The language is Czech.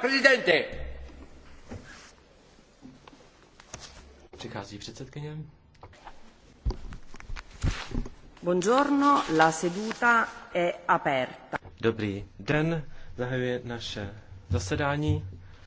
Prezidente! Přichází předsedkyně. Buongiorno, la seduta è aperta. Dobrý den, zahajuje naše zasedání.